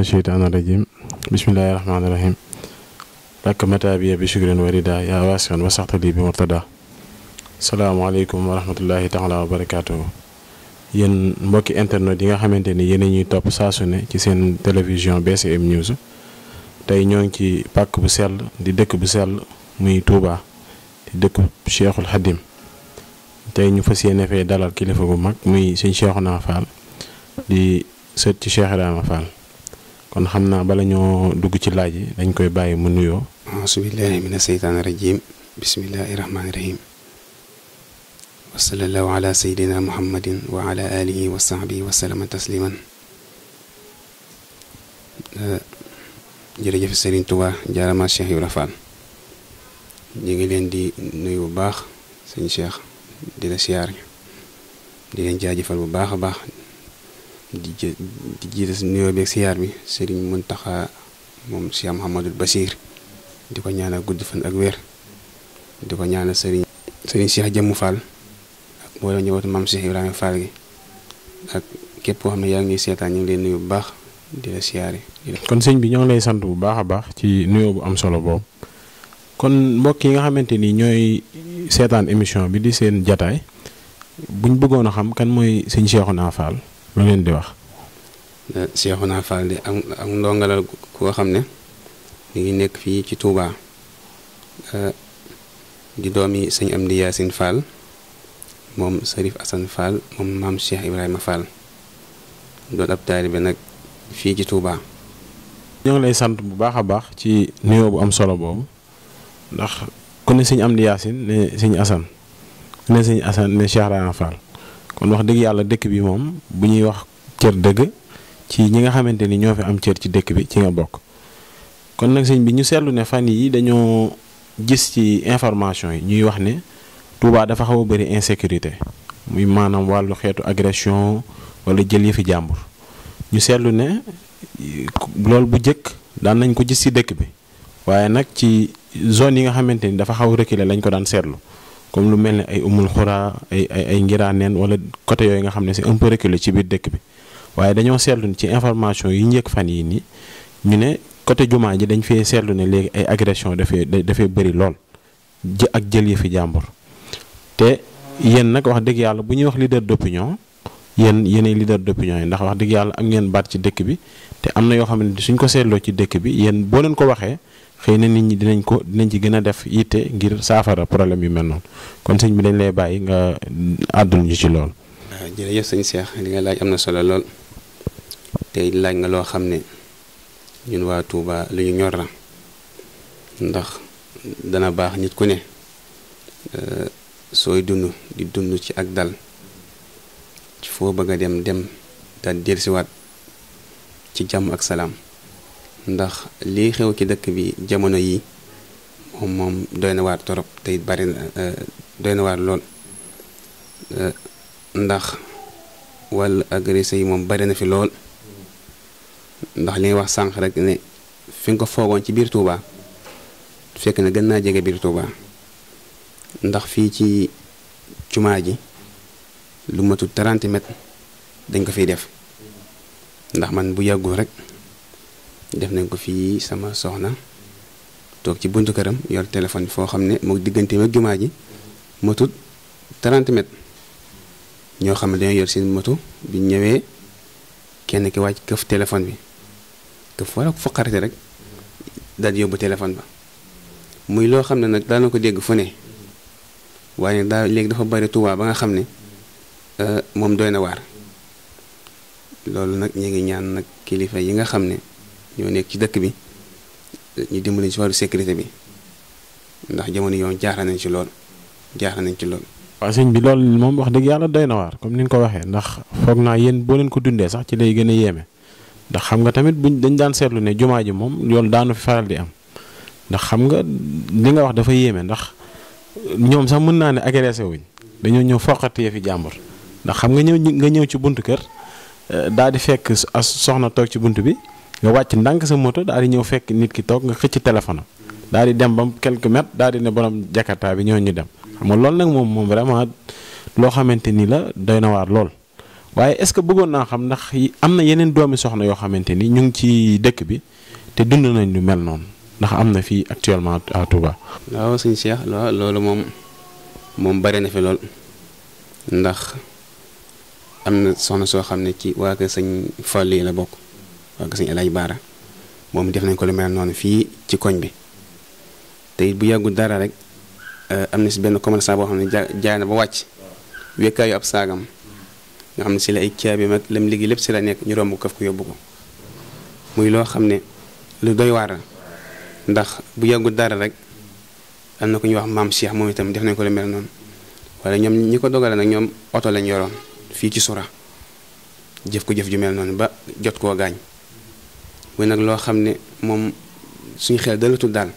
الشيطان الرجيم بسم الله الرحمن الرحيم لك متى بي بشكر وريدا يا واسعا وسعت لي بمرتدى السلام عليكم ورحمه الله تعالى وبركاته ين موكي انترنت ديغا خامتيني يين ني توب ساسوني سي سين تلفزيون بي سي ام نيوز تاي نيون كي باك بو سيل دي ديك بو سيل موي توبا دي ديك شيخ الحديم تاي ني فاسيني في دالال كليفه بو ماك موي سين شيخنا فال دي سيت شيخ رحمه فال kon xamna bala ñoo dugg ci laaj yi dañ koy bàyyi mu nuyoo asubillahi min aseytaani rajim bismillahi rahmaani rahim wa sallallahu ala sayidina muhammadin wa ala alihi wa sahbihi wa sallama tasliman jërëjëf Serigne Touba jaarama Cheikh Ibra Fall ñu ngi leen di nuyu bu baax sëñ Cheikh di la siyaar di leen jaajëfal bu baax a baax di jë di jiite si nuyoo beeg siyaar bi Serigne Mountakha moom Cheikh Mouhamadul Bachir di ko ñaanal guddi fan ak weer di ko ñaanal sëriñ Serigne Cheikh Jëmm Fall ak mboolem ñëwatu maam Cheikh ak képp koo xam ne yaa ngi seetaan ñu ngi leen nuyu bu baax di la siyaare. kon sëñ bi ñoo lay sant bu baax a baax ci nuyoo bu am solo boobu kon mbokk yi nga xamante ni ñooy seetaan émission bi di seen jataay buñ bëggoon a xam kan mooy sëñ Cheikhouna Fall. lu ngeen di wax. Euh, Cheikhouna Fall di am ak ndongo la koo xam ne mi ngi nekk fii ci tuubaa euh, di doomi sëñ Amdi Yaasin Fall moom Serif Assane Fall moom maam Cheikh Ibrahima Fall doon ab taalibe nag fii ci Touba. ñoo lay sant bu baax a baax ci nuyoo bu am solo boobu ndax ku ne sëñ Amdi Yaasin ne sëñ Assane ne sëñ Assane ne Cheikh Ibrahima kon wax dëgg yàlla dëkk bi moom bu ñuy wax cër dëgg ci ñi nga xamante ni ñoo fi am cër ci dëkk bi ci nga bokk kon nag sëñ bi ñu seetlu ne fan yi dañoo gis ci information yi ñuy wax ne Touba dafa xaw a bëri insécurité muy maanaam wàllu xeetu agression wala jël yëfi jàmbur ñu seetlu ne loolu bu jëkk daan nañ ko gis ci dëkk bi waaye nag ci zone yi nga xamante ni dafa xaw a reculer lañ ko daan seetlu comme lu mel ni ay umul xuraa ay ay ay ngiraaneen wala côté yooyu nga xam ne si un peu ci biir dëkk bi waaye dañoo seetlu ci information yi njëkk fan yi nii ñu ne côté jumaa ji dañ fee seetlu ne léegi ay agression dafee dafee bëri lool jë ak jël yi fi jàmbur te yéen nag wax dëgg yàlla bu ñuy wax leader d'opinion yéen yéenay leader d'opinion yi ndax wax dëgg yàlla am ngeen baat ci dëkk bi te am na yoo xam ne suñ ko seetloo ci dëkk bi yéen boo leen ko waxee xëy na nit ñi dinañ ko dinañ ci gën a def yitte ngir saafara problème yu mel noonu kon sëñ bi dañ lay bàyyi nga àddul ñu ci lool. waaw ah, jërëjëf sëñ Cheikh li nga laaj am na solo lool te laaj nga loo xam ne ñun waa tuuba lu ñu ñor la ndax dana baax nit ku ne euh, sooy dund di dund ci ak dal ci foo bëgg a dem dem daal dellusiwaat ci jàmm ak salaam. ndax li xew ci dëkk bi jamono yi moom moom doy na waar torop te bari na euh, doy na waar lool euh, ndax wàllu agressé yi moom bari na fi lool ndax li wax sànq rek ne fi nga ko foogoon ci biir Touba fekk na gën naa jege biir Touba ndax fii ci jumaa ji lu matu 30 mètres dañ ko fi def ndax man bu yàggul rek. def nañ ko fii sama soxna toog ci buntu këram yor téléphone foo xam ne moo diggante ma jumaa ji matut 30 mètres ñoo xam ne dañoo yor seen moto bi ñëwee kenn ki wàcc këf téléphone bi këf wala ko foqarate rek daal yóbbu téléphone ba muy loo xam ne nag daana ko dégg fu ne waaye daa léegi dafa bari Tuubaa ba nga xam ne euh, moom doy na waar loolu nag ñu ngi ñaan nag kilifa yi nga xam ne ñoo nekk ci dëkk bi ñu dimbali si wàllu sécurité bi ndax jamono yoon jaaxle nañ ci lool jaaxle nañ ci lool. waaw sëñ bi lool moom wax dëgg yàlla doy na waar comme ni nga ko waxee ndax foog naa yéen boo leen ko dundee sax ci lay gën a yéeme ndax xam nga tamit bu dañ daan seetlu ne jumaa ji moom loolu daanu faral di am ndax xam nga li nga wax dafa yéeme ndax ñoom sax mën naa ne agressé wuñ dañoo ñëw foqatee fi jàmbur ndax xam nga ñëw nga ñëw ci buntu kër eh, daal di fekk as soxna toog ci buntu bi nga wàcc ndànk sa moto daal di ñëw fekk nit ki toog nga xëcc téléphone am daal di dem ba quelques mètres daal di ne borom jakarta bi ñoo ñu dem xam nga loolu nag moom moom vraiment loo xamante nii la doy na waar lool. waaye est-ce que bëggoon naa xam ndax am na yeneen doomi soxna yoo xamante nii ñu ngi ci dëkk bi te dund nañ lu mel noonu ndax am na fi actuellement à Touba. waaw suñu Cheikh loolu moom moom bari na fi lool ndax am na soxna soo xam ne ci waa kër sëñ Fall yi la bokk. waa ko sëñ Baara moom def nañ ko lu mel noonu fii ci koñ bi te bu yàggul dara rek eh, am na si benn commerçant boo xam ne jaay na ba wàcc wekkaayu ab saagam nga xam ne si la ay caabi mag lam liggéey lépp si la nekk ñu romb kaf ko yóbbu ko muy loo xam ne lu doy waar la ndax bu yàggul dara rek am na ku ñuy wax maam Cheikh moom itam def nañ ko lu mel noonu wala ñoom ñi ko dogale nag ñoom oto lañ yoroon fii ci sura jëf ko jëf ju mel noonu ba jot koo gaañ muy nag loo xam ne moom suñu xel dalatul daal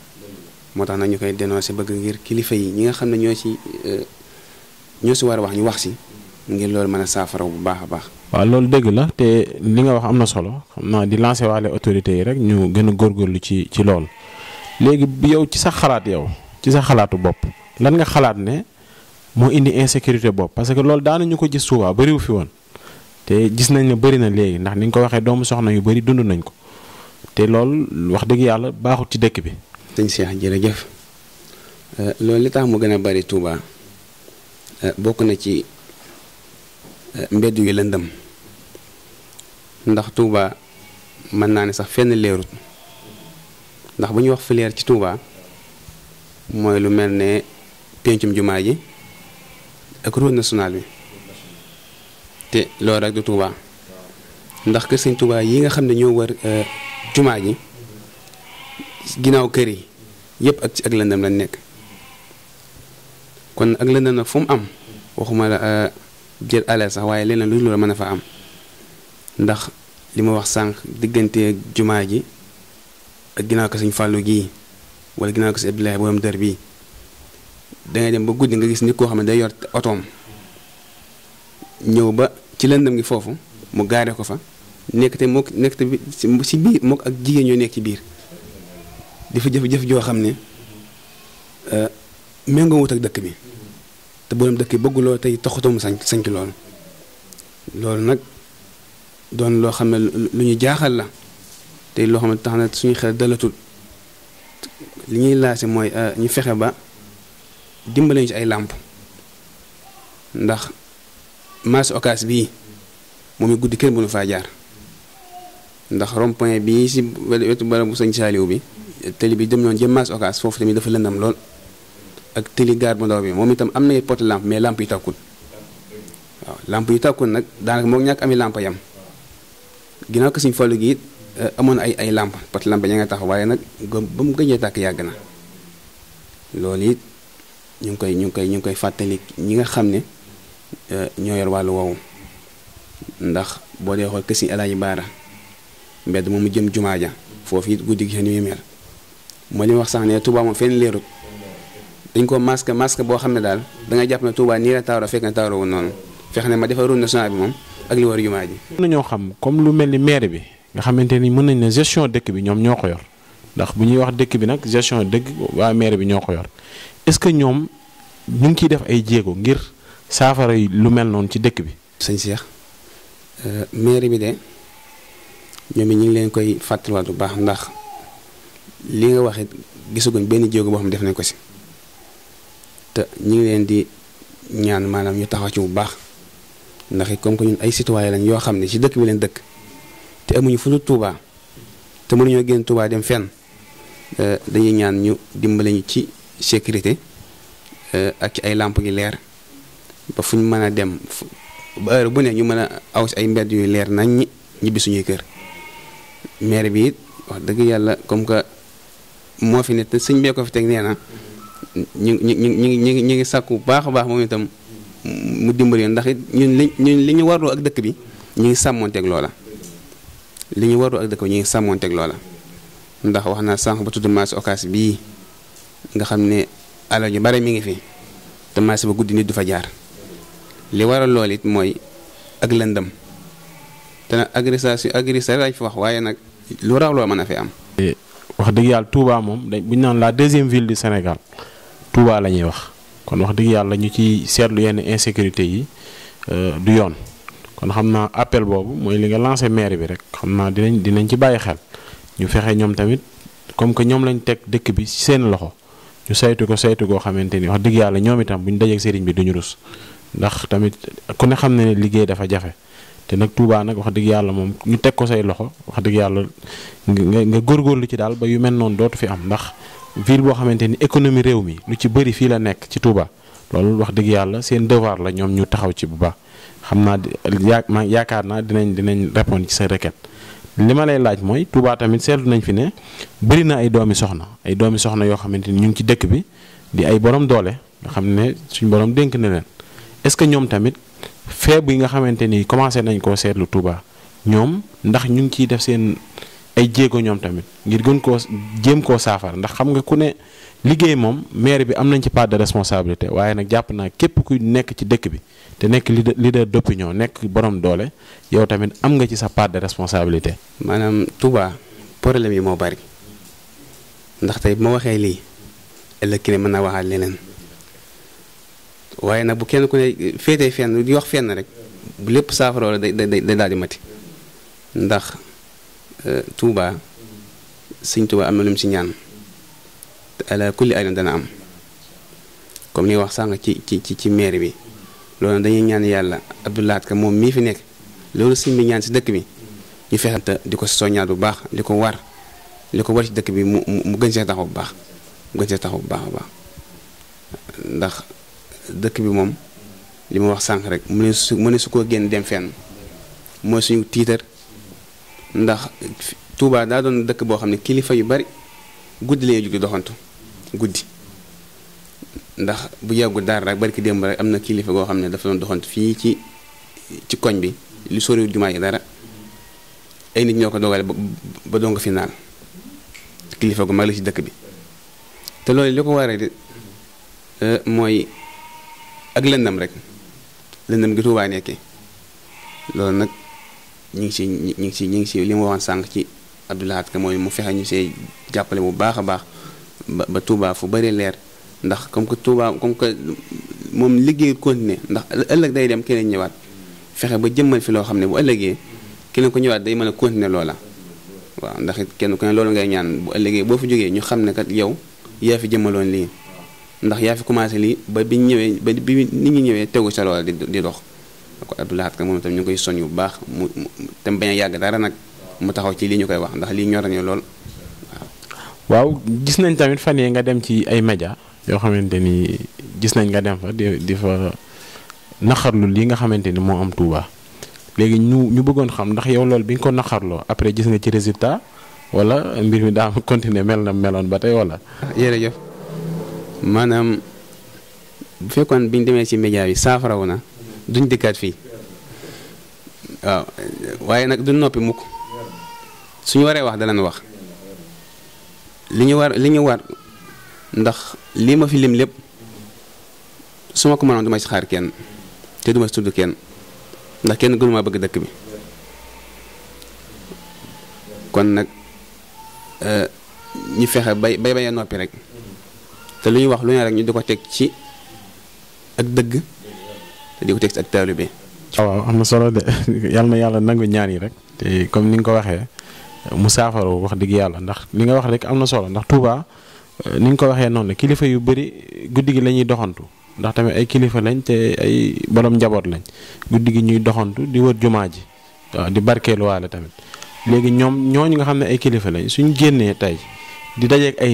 moo tax nag ñu koy dénoncé bëgg ngir kilifa yi ñi nga xam ne ñoo ci euh, ñoo si war a wax ñu wax si ngir lool mën a saafara bu baax a baax. waaw loolu dëgg la te li nga wax am na solo xam naa di lancé waale autorités yi rek ñu gën a góorgóorlu ci ci loolu léegi yow ci sa xalaat yow ci sa xalaatu bopp lan nga xalaat ne moo indi insécurité bopp parce que loolu ñu ko gis souvent bariwu fi woon te gis nañ ne bari na léegi ndax ni nga ko waxee doomu soxna yu bëri dund nañ ko te loolu wax dëgg yàlla baaxut ci dëkk bi. sëñ Cheikh jërëjëf euh, loolu li tax mu gën a bari Touba euh, bokk na ci euh, mbedd yu lëndëm ndax Touba mën naa ne sax fenn leerut ndax bu ñuy wax fi leer ci Touba mooy lu mel ne pencum jumaa ji ak route nationale bi te loolu rek du Touba ndax kër sëñ Touba yi nga xam ne ñoo wër. jumaa ji ginnaaw kër yi yëpp ak ci ak lëndëm lañ nekk kon ak lëndëm nag fu mu am waxuma la euh, jël alal sax waaye leneen lu loolu mën a fa am ndax li ma wax sànq diggante jumaa ji ak ginnaaw ko Sëñ Fàllu gii wala ginnaaw ko Sëñ Abdoulaye borom dër bii dangay dem ba guddi nga gis nit koo xam ne day yor otoom ñëw ba ci lëndëm gi foofu mu gaare ko fa nekk te mook nekk te si biir mook ak jigéen ñoo nekk ci biir di fa jëf-jëf joo xam ne euh, méngoo wut ak dëkk bi te borom dëkk bëgguloo tey toxutoo mu sañ sañ loolu loolu nag doon loo xam ne lu ñu jaaxal la tey loo xam ne tax na suñu xel dëlatul li ñuy laase mooy euh, ñu fexe ba dimbale ñu ci ay làmp ndax marché occas bii moom it guddi kenn bu nu faa jaar ndax rond point bi si wetu barabu sëñ Saaliw bi tëli bi jëm noonu jëm maas occas foofu tamit dafa lëndam lool ak tëli gaar bu ndaw bi moom itam am na pot lampe mais lampe yi tàkkul waaw lampe yi tàkkul nag daanaka moo ñàkk ami lampe yam ginnaaw suñ fallu gi eh, amoon ay ay lampe pot lampe ña nga tax waaye nag ba mu gëjee tàkk yàgg na loolu it ñu ngi koy ñu ngi koy ñu ngi koy fàttali ñi nga xam ne eh, ñoo yor wàllu woowu ndax boo dee xool kër si Alaaji Baara mbedd mu jëm jumaa ja foofu it guddi gi ñuy mel moo ñu wax sax ne Touba moom fenn leerut dañ ko masque masque boo xam ne daal da nga jàpp ne Touba nii la tawra fekk na tawra wu noonu fex ne ma defar route nationale bi moom ak li war jumaa ji. mën nañoo xam comme lu mel ni maire bi nga xamante ni mën nañ ne gestion dëkk bi ñoom ñoo ko yor ndax bu ñuy wax dëkk bi nag gestion dëkk waa maire bi ñoo ko yor est-ce que ñoom ñu ngi ciy def ay jéego ngir saafara lu mel noonu ci dëkk bi. sëñ Cheikh maire bi de. ñoom it ñu ngi leen koy fàttaliwaat bu baax ndax li nga wax it gisaguñ benn jéego boo xam ne def nañ ko si te ñu ngi leen di ñaan maanaam ñu taxaw ci bu baax ndax yi comme que ñun ay situwaay lañ yoo xam ne si dëkk bi leen dëkk te amuñu fu dul Touba te mënuñoo génn Touba dem fenn euh, dañuy ñaan ñu dimbale ñu ci sécurité euh, ak ci ay làmp gi leer ba fu mën a dem ba heure bu ne ñu mën a aw si ay mbedd yu leer nañ ñi ñibbi suñuy kër. maire bi it wax dëgg yàlla comme que moo fi ne te sëñ bee ko fi teg nee na ñu ñu ñu ñu ñu ñu ngi sàkku bu baax a baax moom itam mu dimbali ndax it ñun li ñun li ñu warloo ak dëkk bi ñu ngi sàmmoonteeg loola. li ñu warloo ak dëkk bi ñu ngi sàmmoonteeg loola ndax wax naa sànq ba tudd marché Ocass bii nga xam ne alal yu bare mi ngi fi te marché ba guddi nit du fa jaar li waral lool it mooy ak lëndam te nag agressation agressé lañ fi wax waaye nag lu raw loo mën a fi am. Eh, wax dëgg yàlla Touba moom dañ bu ñu naan la deuxième ville du Sénégal Touba la ñuy wax kon wax dëgg yàlla ñu ci seetlu yenn insécurité yi euh, du yoon kon xam naa appel boobu mooy li nga lancé maire bi rek xam naa dinañ dinañ ci bàyyi xel ñu fexe ñoom tamit comme que ñoom lañ teg dëkk bi ci seen loxo ñu saytu ko saytu koo xamante ni wax dëgg yàlla ñoom itam bu ñu dajeeg sëriñ bi duñu rus ndax tamit ku xam ne liggéey dafa jafe. te nag Touba nag wax dëgg yàlla moom ñu teg ko say loxo wax dëgg yàlla nga nga góorgóorlu ci daal ba yu mel noonu dootu fi am ndax ville boo xamante ni économie réew mi lu ci bëri fii la nekk ci Touba loolu wax dëgg yàlla seen devoir la ñoom ñu taxaw ci bu baax xam naa yaa yaakaar naa dinañ dinañ répondre ci sa requête li ma lay laaj mooy Touba tamit seetlu nañ fi ne bëri na ay doomi soxna ay doomi soxna yoo xamante ni ñu ngi ci dëkk bi di ay borom doole xam ne suñ borom dénk na feeb yi nga xamante ni commencé nañ koo seetlu Touba ñoom ndax ñu ngi ciy def seen ay jéego ñoom tamit ngir gën koo jéem koo saafara ndax xam nga ku ne liggéey moom maire bi am nañ ci part de responsabilité waaye nag jàpp naa képp ku nekk ci dëkk bi te nekk leader leader d'opinion nekk borom doole yow tamit am nga ci sa part de responsabilité. maanaam Touba problème yi moo bari ndax tey bu ma waxee lii ëllëg ki ne mën naa waxaat leneen. waaye nag bu kenn ku ne féetee lu di wax fenn rek bu lépp saafara la day day day daal di mati ndax euh, tuuba sëñ Touba am na lu si ñaan te ala dana am comme ni wax sànq ci ci ci maire bi loolu dañuy ñaan yàlla Abdoulaye Ka moom mii fi nekk loolu sëñ ñaan si dëkk bi ñu fexante di ko soññaat bu baax li ko war li ko war ci dëkk bi mu mu gën see taxaw bu baax mu gën see tax bu baax a baax ndax. dëkk bi moom li ma wax sànq rek mu ne su mu ne su ko génn dem fenn mooy suñu tiitar ndax tuubaa daa doon dëkk boo xam ne kilifa yu bari guddi lañuy jóg di doxantu guddi ndax bu yàggul dara rek barki démb rek am na kilifa goo xam ne dafa doon doxantu fii ci ci koñ bi li soriwul jumaa yi dara ay nit ñoo ko dogale ba doo nga fi kilifa gu mag la ci dëkk bi te loolu li ko waree eh, mooy ak lëndam rek lëndam gi Tuubaa nekkee loolu nag ñu ngi si ñu ngi si ñu ngi si li mu waxoon sànq ci Abdou Ka mooy mu fexe ñu see jàppale bu baax a baax ba ba Tuubaa fu bëri leer ndax comme que Tuubaa comme que moom liggéey continuer ndax ëllëg day dem keneen ñëwaat fexe ba jëmmal fi loo xam ne bu ëllëgee keneen ko ñëwaat day mën a continuer loola waaw ndax it kenn ku ne loolu ngay ñaan bu ëllëgee boo fu jógee ñu xam ne kat yow yaa fi jëmmaloon lii. ndax yaa fi commencé lii ba bi ñëwee ba bi nit ñi ñëwee tegu sa loola di di dox kon Abdoulaye Kharka moom itam ñu ngi koy soñ bu baax mu te bañ a yàgg dara nag mu taxaw ci lii ñu koy wax ndax lii ñor lool waaw. gis nañ tamit fan yii nga dem ci ay média yoo xamante ni gis nañ nga dem fa di di lii nga xamante ni moo am Touba léegi ñu ñu bëggoon xam ndax yow loolu bi nga ko naqarloo après gis nga ci résultat wala mbir mi daa continuer mel na meloon ba tey wala. Ah, jërëjëf. maanaam bu fekkoon biñ demee ci média yi saafarawu na duñ dikkaat fii waaw waaye nag duñ noppi mukk suñu waree wax dalan wax li ñu war li ñu war ndax lii ma fi lim lépp su ma ko mënoon duma ci xaar kenn te duma ci tudd kenn ndax kenn gënu maa bëgg dëkk bi kon nag euh, ñu fexe bay bay bay noppi rek te lu ñuy wax lu ne rek ñu di ko teg ci ak dëgg te di ko teg ci ak taalibe ah, waaw am na solo de yal na yàlla nangu ñaan yi rek te comme ni nga ko waxee mu saafaro wax dëgg yàlla ndax li nga wax rek am na solo ndax Touba eh, ni nga ko waxee noonu la kilifa yu bëri guddi gi la ñuy doxantu ndax tamit ay kilifa lañ te ay borom njaboot lañ guddi gi ñuy doxantu di wër jumaa ji waaw di barkeeluwaale tamit léegi ñoom ñooñu nga xam ne ay kilifa lañ suñ génnee tey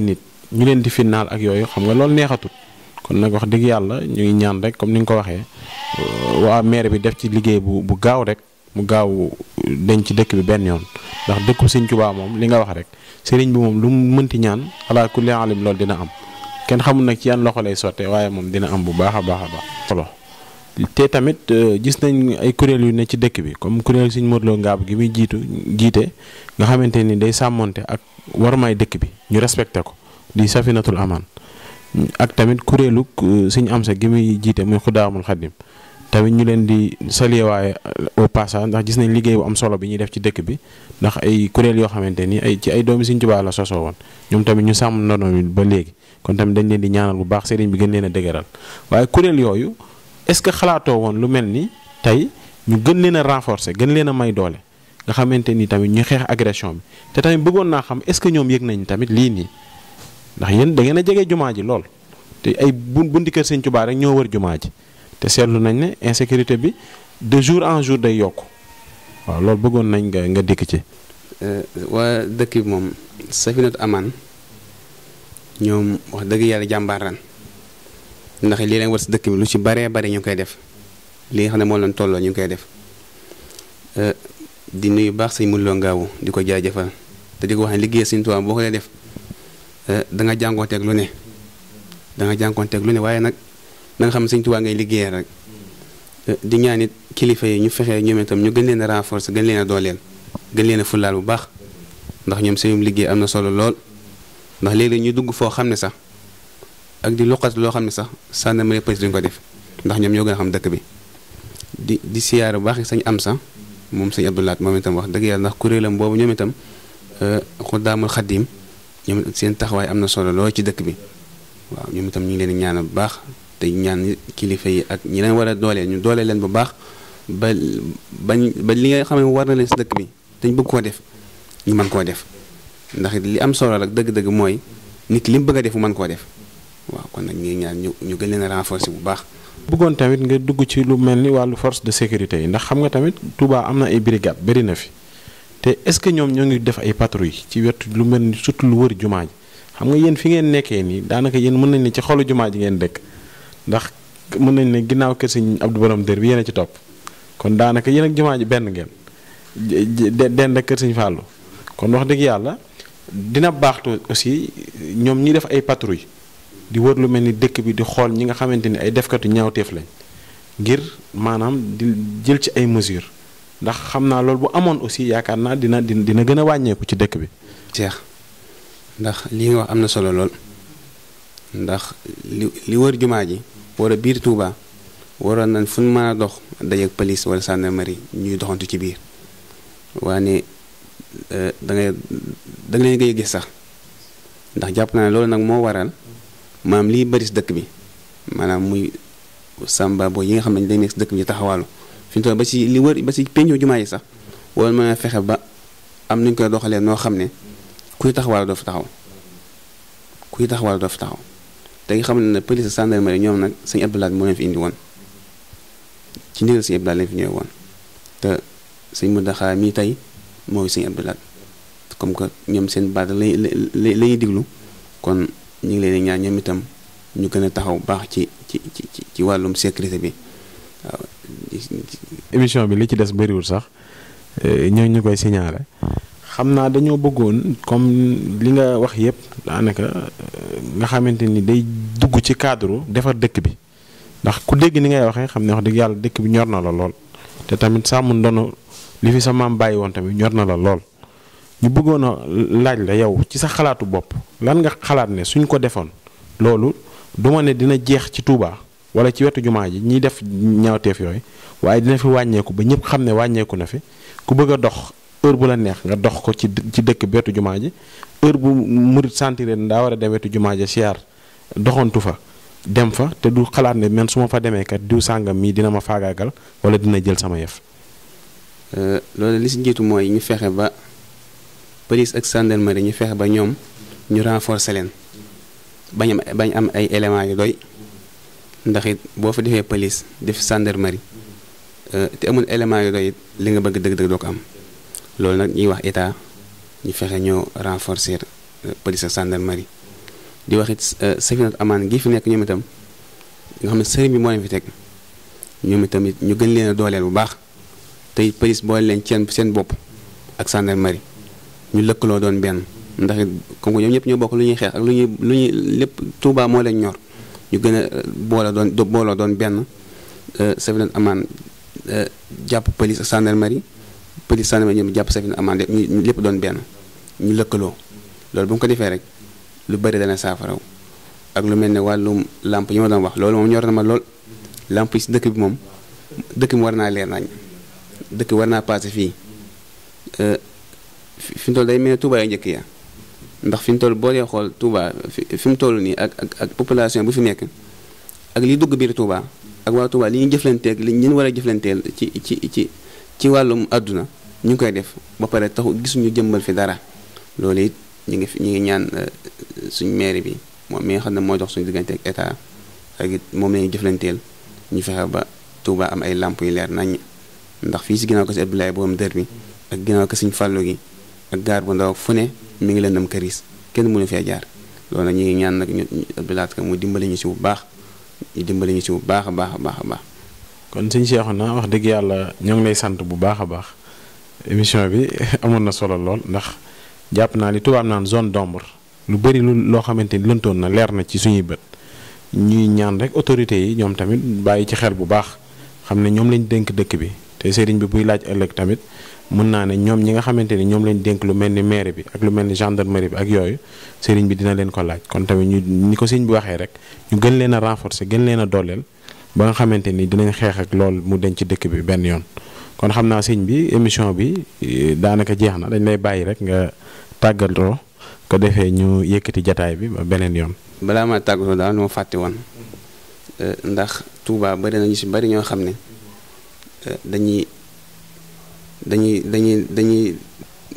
nit. ñu leen di finnaal ak yooyu xam nga loolu neexatul kon nag wax dëgg yàlla ñu ngi ñaan rek comme ni nga ko waxee euh, waa maire bi def ci liggéey bu bu gaaw rek mu gaaw dañ ci dëkk bi benn yoon ndax dëkku Sëñ Tuubaa moom li nga wax rek sëriñ bi moom lu mu mënti ñaan alaa kulli loolu dina am kenn xamul nag ci yan loxo lay sottee waaye moom dina am bu baax a baax a baax solo te tamit euh, gis nañ ay kuréel yu ne ci dëkk bi comme kuréel Sëñ Modou Lo Ngab gi muy jiitu jiite nga xamante ni day sàmmoonte ak war may dëkk bi ñu respecté ko di safinatul aman ak tamit kuréelu euh, suñu am sa gi muy jiite muy xuddaamul xaddim tamit ñu leen di waaye euh, au passage ndax gis nañ liggéey bu am solo bi ñuy def ci dëkk bi ndax ay kuréel yoo xamante ni ay ci ay doomi Sëriñ Tuubaa la sosoo woon ñoom tamit ñu sàmm ndono mi ba léegi kon tamit dañ leen di ñaanal bu baax sëriñ bi gën leen a dëgëral waaye kuréel yooyu est que xalaatoo woon lu mel ni tey ñu gën leen a renforcer gën leen a may doole nga xamante ni tamit ñu xeex agression bi te tamit bëggoon naa xam est-ce que ñoom yëg nañ tamit lii nii ndax yéen da ngeen a jege jumaa ji lool te ay bu bunti kër sëñ Tuubaa rek ñoo wër jumaa ji te seetlu nañ ne insécurité bi de jour en jour day yokku waaw loolu bëggoon nañ nga nga dikk ci. Euh, waa dëkk bi moom Safinat Aman ñoom wax dëgg yàlla jàmbaar ran ndax lii leen war si dëkk bi lu ci baree bari ñu ngi koy def li nga xam ne moo leen tolloo ñu ngi koy def euh, di nuyu baax sëñ Muloo Ngaawu di ko jaajëfal te di ko wax ne liggéey sëñ Tuubaa boo ko def. Eh, danga nga jànkoonteeg lu ne da nga lu ne waaye nag da xam ne sëñ Tuubaa ngay liggéeyee rek eh, di ñaanit kilifa yi ñu fexee ñoom itam ñu gën leen a renforcer gën leen a dooleel gën leen fullaal bu baax ndax ñoom seenum liggéey am na solo lool ndax léeg ñu dugg foo xam ne sax ak di luqat loo xam ne sax gendarmerie police duñ ko def ndax ñoom ñoo gën a xam dëkk bi di di siyaar bu baax sañ am sax moom sëñ Abdou Lahat moom itam wax dëgg yàlla ndax kuréelam boobu ñoom itam eh, xuddaamul xaddiim ñoom seen taxawaay am na solo lool ci dëkk bi waaw ñoom itam ñu ngi leen ñaan bu baax te ñaan kilifa yi ak ñi leen war a dooleel ñu dooleel leen bu baax ba bañ ba li nga xam ne war na leen si dëkk bi dañ bëgg koo def ñu mën koo def ndax li am solo rek dëgg-dëgg mooy nit li mu bëgg a def mu mën koo def waaw kon nag ñu ñaan ñu ñu gën leen a renforcer bu baax. bëggoon tamit nga dugg ci lu mel ni wàllu force de sécurité yi ndax xam nga tamit Touba am na ay brigade bari na fi. te est-ce que ñoom ñoo ngi def ay patrouille ci wetu lu mel ni surtout lu wër jumaa ji xam nga yéen fi ngeen nekkee nii daanaka yéen mën nañ ne ci xolu jumaa ji ngeen dëkk ndax mën nañ ne ginnaaw kër Sëñ Abdou Borom Dër bi yéen a ci topp kon daanaka yéen ak jumaa ji benn ngeen dend ak kër Sëñ Fallou kon wax dëgg yàlla dina baaxtu aussi ñoom ñi def ay patrouille di wër lu mel ni dëkk bi di xool ñi nga xamante ni ay defkatu ñaawteef lañ ngir maanaam di jël ci ay mesures ndax xam naa loolu bu amoon aussi yaakaar naa dina dina dina gën a wàññeeku ci dëkk bi. Cheikh ndax li nga wax am na solo lool ndax li li wër jumaa ji wala biir Touba waroon nañ fu ñu mën a dox dajeeg police wala mari ñuy doxantu ci biir waane euh, da dangay da gis sax ndax jàpp naa loolu nag moo waral maam lii bëri si dëkk bi maanaam muy sàmba boo yi nga xam ne dañ nekk si dëkk bi taxawaalu. fi ñu ba si li wër ba si penco jumaa yi sax wala mën a fexe ba am nañ koy doxalee noo xam ne kuy taxawal doo fi taxaw kuy taxawal doo fi taxaw te nga xam ne police gendarmerie ñoom nag sëñ Abdoulaye moo leen fi indi woon ci ndigal sëñ Abdoulaye leen fi ñëwee woon te sëñ Mountakha mii tey mooy sëñ Abdoulaye comme que ñoom seen baat la lañuy diglu kon ñu ngi leen di ñoom itam ñu gën a taxaw baax ci ci ci ci wàllum sécurité bi waaw émission bi li ci des bëriwul sax eh, ñoo ñu koy signalé xam naa dañoo bëggoon comme li nga wax yëpp daanaka eh, nga xamante ni day dugg ci cadre defar dëkk bi ndax ku dégg ni ngay waxee xam ne wax dëgg yàlla dëkk bi ñor na la lool te tamit sàmm ndono li fi sa maam bàyyi woon tamit ñor na la lool ñu bëggoon a laaj la yow ci sa xalaatu bopp lan nga xalaat ne suñ ko defoon loolu duma ne dina jeex ci tuubaa wala ci wetu jumaa ji ñiy def ñaawteef yooyu waaye dina fi wàññeeku ba ñëpp xam ne wàññeeku na fi ku bëgg a dox heure bu la neex nga dox ko ci ci dëkk bi wetu jumaa ji heure bu murit sentir ne daa war a dem wetu jumaa ji siyaar doxantu fa dem fa te du xalaat ne man su ma fa demee kat diw sàngam mii dina ma faagaagal wala dina jël sama yef euh, loolu li si njiitu mooy ñu fexe ba police ak gendarmerie ñu fexe ba ñoom ñu renforcer leen bañ am ay éléments yu doy. ndax it boo fa defee police def gendarmerie euh, te amul élément yu doy it li nga bëgg dëgg-dëgg doo ko am loolu nag ñuy wax état ñu fexe ñoo renforcer euh, police ak di wax it euh, Safinatoul Amane gi fi nekk ñoom nga xam ne sëriñ moo fi teg ñoom itam ñu gën leen a bu baax te it police leen seen seen bopp ak gendarmerie ñu lëkkaloo doon benn ndax it comme ñoom ñëpp ñoo bokk lu ñuy xeex ak lu ñuy lu ñuy lépp Touba moo leen ñor. ñu gën a booloo doon booloo doon benn euh, Safinatou Amane euh, jàpp police gendarmerie police gendarmerie ñoom jàpp Safinatou Amane ñu lépp doon benn ñu lëkkaloo loolu bu ñu ko defee rek lu bëri dana saafaraw ak lu mel ni wàllum làmp yi ma doon wax loolu moom ñor na ma lool làmp yi si dëkk bi moom dëkk bi war naa leer nañ dëkk war naa passé fii euh, fi mu toll day mel ne Tuubaa yu njëkk ya ndax fi mu toll boo dee xool Touba fi mu toll nii ak ak population bu fi nekk ak liy dugg biir Touba ak waa Touba li ñu jëflanteeg li ñu war a jëflanteel ci ci ci ci wàllum àdduna ñu ngi koy def ba pare taxu gisuñu jëmbal fi dara loolu it ñu ngi ñu ngi ñaan euh, suñ mairie bi moom mi xam ne moo jox suñu diggante ak état ak it moom la ñu jëflanteel ñu fexe ba Touba am ay làmp yu leer nañ ndax fii si ginnaaw ko si Abdoulaye borom dër bi ak ginnaaw ko suñ fàllu gi ak gaar bu ndaw fu ne mi ngi leen lëndam këriis kenn mënu fee jaar lool nag ñu ngi ñaan nag ñu Abdoulahat Ka mu dimbali ñu si bu baax dimbali ñu si bu baax a baax a baax a baax. kon sëñ Cheikhouna wax dëgg yàlla ñoo ngi lay sant bu baax a baax émission bi amoon na solo lool ndax jàpp naa li tubaab naan zone d'ombre lu bëri lu loo xamante ni lëntoon na leer na ci suñuy bët ñuy ñaan rek autorités yi ñoom tamit bàyyi ci xel bu baax xam ne ñoom lañ dénk dëkk bi te sëriñ bi buy laaj ëllëg tamit. mën naa ne ñoom ñi nga xamante ni ñoom lañ dénk lu mel ni maire bi ak lu mel ni gendarmerie bi ak yooyu sëriñ bi dina leen ko laaj kon tamit ñu ni ko sëriñ bi waxee rek ñu gën leen a renforcer gën leen dooleel ba nga xamante ni dinañ xeex ak lool mu denc ci dëkk bi benn yoon. kon xam naa sëriñ bi émission bi eh, daanaka jeex na dañ lay bàyyi rek nga tàggatoo ko defee ñu yëkkati jataay bi ba beneen yoon. balaa maa tàggatoo daal lu ma fàtte woon eh, ndax Touba bari na si bari ñoo xam ne eh, dañuy dañuy dañuy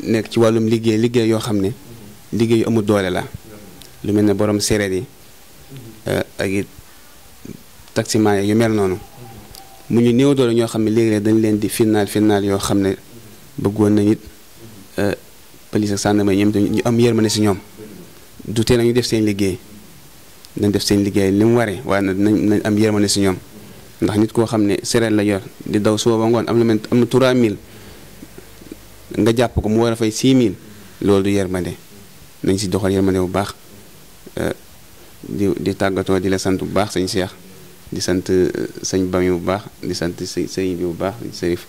nekk ci wàllum liggéey liggéey yoo xam ne liggéey yu amul doole la lu mel ne borom séeréer yi euh, ak it taximaan yu mel noonu mu ñu néew doole ñoo xam ne léegi dañ leen di finaal finnaal yoo xam ne bëggoon nañ it euh, police ak gendarmerie ñoom ñu am yërmande si ñoom du tee nag ñu def seen liggéey nañ def seen liggéey li mu waree waaye nag nañ am yërmande si ñoom ndax nit koo xam ne séeréer la yor di daw suba ba am na am na 3000 nga jàpp ko mu war a fay 6000 loolu du yërmande nañ si doxal yërmande bu baax euh, di tàggatoo di la sant bu baax sañ seex di sant euh, sëñ Bami bu baax di sant sëñ sëñ bi bu baax Serif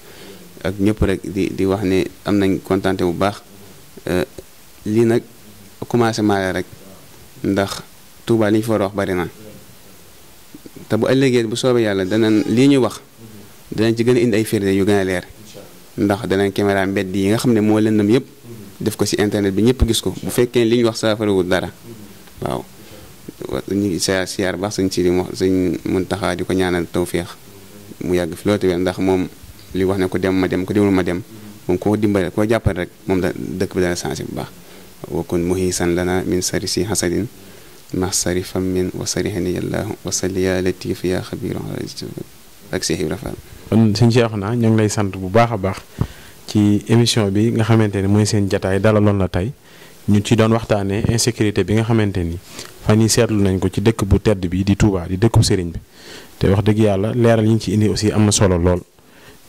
ak ñëpp rek di di wax ne am nañ kontaan bu baax euh, lii nag commencement la rek ndax Touba li ñu fa wax bari na te bu ëllëgee bu soobee yàlla danañ lii ñuy wax danañ ci gën a indi ay firnde yu gën a leer. ndax danañ caméra mbedd yi nga xam ne moo lëndam yëpp def ko ci internet bi ñëpp gis ko bu fekkee li ñu wax saafarawul dara waaw ñu ngi siyaar siyaar baax sëñ Sidi mo sëñ Muntaxa di ko ñaanal tawféex mu yàgg fi loolu ndax moom li wax ne ko dem ma dem ko demul ma dem moom koo dimbale koo jàppale rek moom da dëkk bi dana changé bu baax wa kun muhisan lana min sarisi hasadin ma sarifam min wa sari hani wa salli yaa latif ya xabiru ak Seex Ibra Faal kon suñu seexu naa ñu ngi lay sant bu baax a baax ci émission bi nga xamante ni mooy seen jataay dalaloon na tey ñu ci doon waxtaanee insécurité bi nga xamante ni fan yi seetlu nañ ko ci dëkk bu tedd bi di Touba di dëkku sëriñ bi te wax dëgg yàlla leeral yi ñu ci indi aussi am na solo lool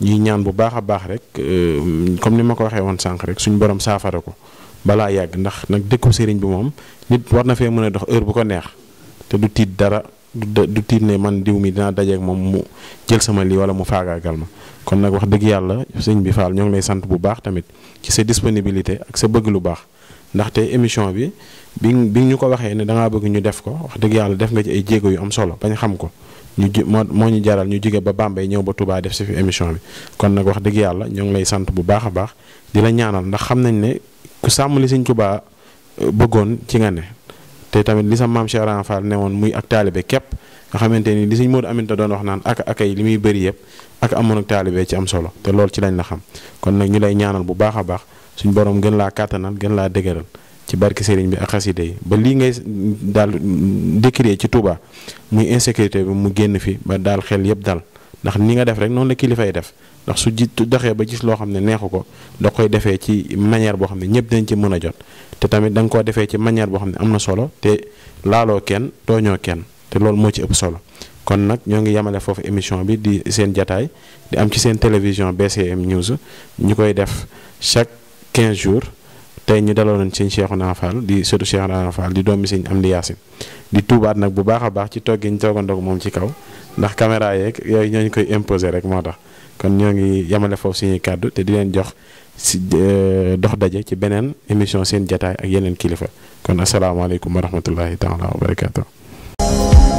ñuy ñaan bu baax a baax rek euh, comme ni ma ko waxee woon sànq rek suñ borom saafara ko balaa yàgg ndax nag dëkku sëriñ bi moom nit war na fee mën a dox heure bu ko neex te du tiit ne man diw mi dinaa dajeeg moom mu jël sama lii wala mu faagaagal ma kon nag wax dëgg yàlla sëñ bi faal ñoo ngi lay sant bu baax tamit ci sa disponibilité ak sa bëgg lu baax ndaxte émission bi bi bi ñu ko waxee ne da bëgg ñu def ko wax dëgg yàlla def nga ci ay jéego yu am solo bañ xam ko ñu ji moo ñu jaral ñu jóge ba Bambey ñëw ba Touba def si émission bi kon nag wax dëgg yàlla ñoo ngi lay sant bu baax a baax dina ñaanal ndax xam nañ ne ku sàmm li sëñ Touba euh, bëggoon ci nga ne. te tamit li sa maam Cheikh Ibra Fall newoon muy ak taalibe képp nga xamante ni li suñ Modou Aminta doon wax naan ak akay li muy bëri yëpp ak amoon ak taalibe ci am solo te loolu ci lañ la xam kon nag ñu lay ñaanal bu baax a baax suñ boroom gën laa kàttanal gën laa dëgëral ci barke sëriñ bi ak xaside yi ba lii ngay daal décrier ci Touba muy insécurité bi mu génn fi ba daal xel yëpp daal ndax ni nga def rek noonu la kilifay def ndax su ji doxee ba gis loo xam ne neexu ko da koy defee ci manière boo xam ne ñëpp dañ ci mën a jot te tamit danga nga koo defee ci manière boo xam ne am na solo te laaloo kenn tooñoo kenn te loolu moo ci ëpp solo kon nag ñoo ngi yemale foofu émission bi di seen jataay di am ci seen télévision BCM News ñu koy def chaque 15 jours tey ñu daloon sëñ Cheikhouna Fall di sëtu Cheikhouna Fall di doomi sëñ Amdi Yaasin di tuubaat nag bu baax a baax ci toog gi ñu toogandoog moom ci kaw ndax caméra yeeg yooyu ñooñu koy imposer rek moo tax kon ñoo ngi yamale foofu suñu kàddu te di leen jox si euh, dox daje ci beneen émission seen jataay ak yeneen kilifa kon asalaamaaleykum wa rahmatullahi taala wa